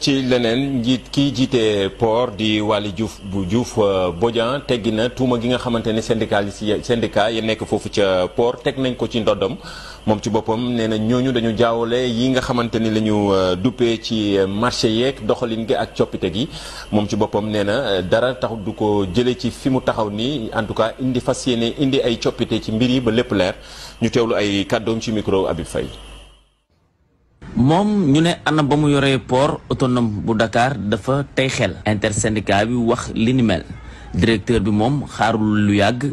ci leneen njiit kii jiite port di Waly Diouf bu Diouf euh, Bodian teggi na tuuma gi nga xamante ne syndicaliste yi syndicat yi nekk foofu ca port teg nañ ko ci ndoddam moom ci boppam nee na ñooñu dañu jaawale yi nga xamante ni la ñu euh, duppee ci euh, marché yeeg doxalin gi ak coppite gi moom ci boppam nee na dara taxut du ko jëlee ci fi mu taxaw ni en tout cas indi fas yéene indi ay coppite ci mbir yi ba lépp leer ñu teewlu ay kàddoom ci micro Habib fay moom ñu ne anna ba mu yoree port autonome bu Dakar dafa tey xel intersyndicat bi wax li directeur bi moom xaarul lu yàgg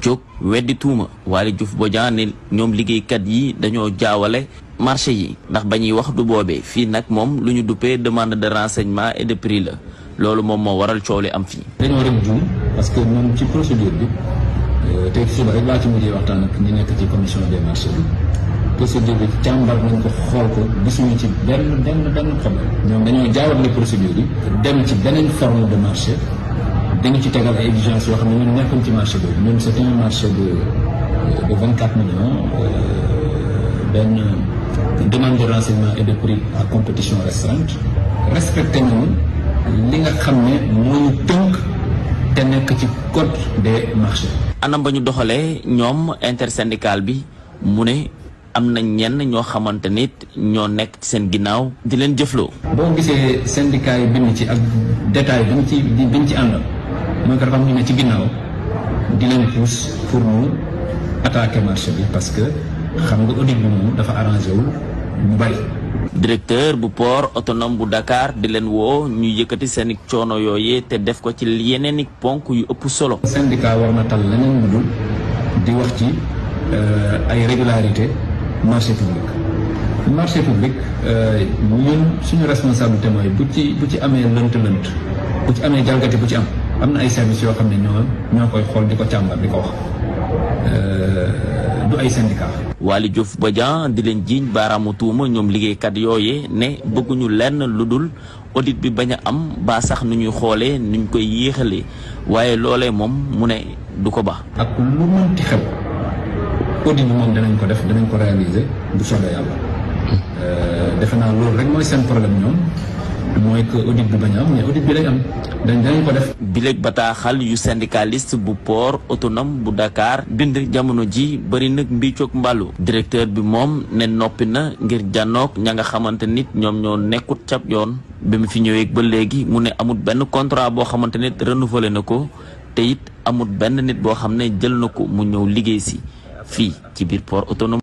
jóg weddi tuuma Waly Diouf Bodian ne ñoom liggéeykat yi dañoo jaawale marché yi ndax ba ñuy wax du boobee fii nag moom lu ñu duppee demande de renseignement et de prix la loolu moom moo waral coow li am fii. dañoo rek juum parce que moom ci procédure bi euh, tey suba rek laa ci mujjee waxtaan ak ñi nekk ci commission des marchés bi. procédure bi càmbar nañ ko xool ko gisuñu ci benn benn benn problème ñoom dañoo jaawale procédure bi dem ci beneen forme de marché dañu ci tegal ay exigences yoo xam ne ñun nekkuñ ci marché boobu ñun c'est un marché de euh, de vingt quatre millions euh, benn demande de renseignement et de prix à compétition restreinte respecté nañu li nga xam ne mooy tënk te nekk ci code des marchés. anam ba ñu doxalee ñoom intersyndical bi mu ne. am na ñenn ñoo xamante nit ñoo nekk ci seen ginnaaw di leen jëfloo. boo gisee syndicat yi bind ci ak détail bi ñu ci bi ñu ci àndal mooy que dafa am ñu ne ci ginnaaw di leen pousse pour ñu attaquer marché bi parce que xam nga audit dafa arrangé wul ñu bari. directeur bu port autonome bu Dakar di leen woo ñu yëkkati seen i coono yooyee te def ko ci yeneen i ponk yu ëpp solo. syndicat war na tal leneen lu di wax ci euh, ay régularité marché public marché public euh, ñun suñu responsabilité mooy bu ci bu ci amee lënt-lënt bu ci amee jalgati bu ci am am na ay services yoo xam ne ñoo ñoo koy xool di ko càmbar di ko wax euh, du ay syndicat Waly Diouf Bodian di leen jiiñ baaraamu tuuma ñoom liggéeykat yooye ne bëgguñu lenn lu dul audit bi bañ a am ba sax nu ñuy xoolee nuñ koy yéexalee waaye loolee moom mu ne du ko ba ak lu mënti xew audit bi moom danañ ko def ko réaliser bu soobee yàlla. Euh, defe loolu rek mooy seen problème ñoom. mooy a am mais audit bi day am dañ dañ ko def. bataaxal yu syndicaliste bu port autonome bu dakaar bind jamono ji bëri nag mbiicoog mbalu directeur bi moom ne noppi na ngir jànnoog ña nga xamante nit ñoom ñoo nekkut cab yoon bi mu fi ñëweek ba léegi mu ne amul benn contrat boo xamante ne renouvelé na ko te it amul benn nit boo xam ne jël na ko mu ñëw liggéey si. fii ci biir port autonome